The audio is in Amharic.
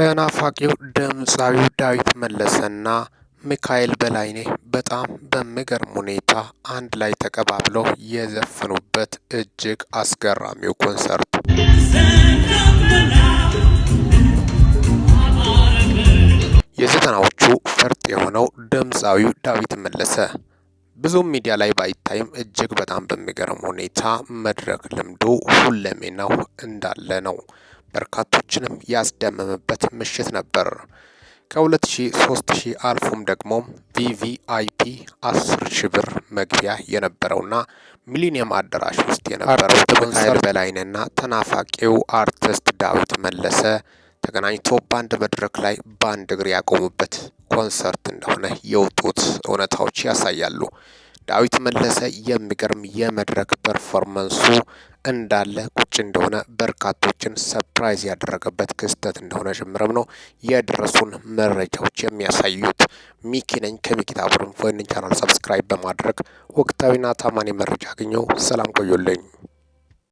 ተናፋቂው ድምፃዊው ዳዊት መለሰና ሚካኤል በላይኔ በጣም በሚገርም ሁኔታ አንድ ላይ ተቀባብለው የዘፈኑበት እጅግ አስገራሚው ኮንሰርት የዘጠናዎቹ ፈርጥ የሆነው ድምፃዊው ዳዊት መለሰ ብዙም ሚዲያ ላይ ባይታይም እጅግ በጣም በሚገርም ሁኔታ መድረክ ልምዱ ሁለሜናው እንዳለ ነው። በርካቶችንም ያስደመመበት ምሽት ነበር። ከ2000 አልፎም ደግሞ ቪቪአይፒ 10 ሺህ ብር መግቢያ የነበረውና ሚሊኒየም አዳራሽ ውስጥ የነበረው ሚካኤል በላይነህና ተናፋቂው አርቲስት ዳዊት መለሰ ተገናኝቶ በአንድ መድረክ ላይ በአንድ እግር ያቆሙበት ኮንሰርት እንደሆነ የወጡት እውነታዎች ያሳያሉ። ዳዊት መለሰ የሚገርም የመድረክ ፐርፎርማንሱ እንዳለ ቁጭ እንደሆነ በርካቶችን ሰፕራይዝ ያደረገበት ክስተት እንደሆነ ጭምርም ነው የደረሱን መረጃዎች የሚያሳዩት። ሚኪ ነኝ ከሚኪታ ቡድን ፎይንን ቻናል ሰብስክራይብ በማድረግ ወቅታዊና ታማኒ መረጃ አግኘው። ሰላም ቆዩልኝ።